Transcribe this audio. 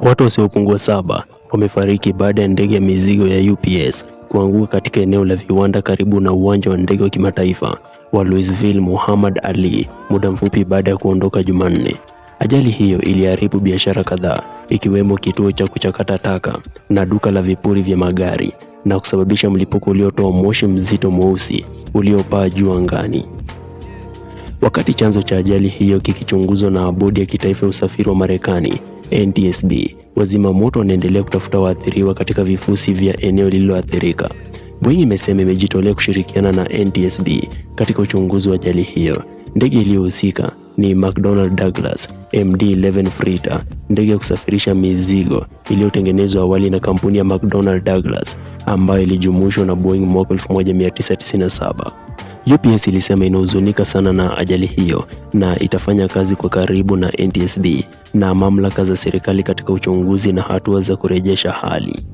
Watu wasiopungua saba wamefariki baada ya ndege ya mizigo ya UPS kuanguka katika eneo la viwanda karibu na uwanja wa ndege wa kimataifa wa Louisville Muhammad Ali muda mfupi baada ya kuondoka Jumanne. Ajali hiyo iliharibu biashara kadhaa ikiwemo kituo cha kuchakata taka na duka la vipuri vya magari na kusababisha mlipuko uliotoa moshi mzito mweusi uliopaa juu angani. Wakati chanzo cha ajali hiyo kikichunguzwa na bodi ya kitaifa ya usafiri wa Marekani, NTSB. Wazima moto wanaendelea kutafuta waathiriwa katika vifusi vya eneo lililoathirika. Boeing imesema imejitolea kushirikiana na NTSB katika uchunguzi wa ajali hiyo. Ndege iliyohusika ni McDonnell Douglas MD-11 Freighter, ndege ya kusafirisha mizigo iliyotengenezwa awali na kampuni ya McDonnell Douglas ambayo ilijumuishwa na Boeing mwaka 1997. UPS ilisema inahuzunika sana na ajali hiyo na itafanya kazi kwa karibu na NTSB na mamlaka za serikali katika uchunguzi na hatua za kurejesha hali.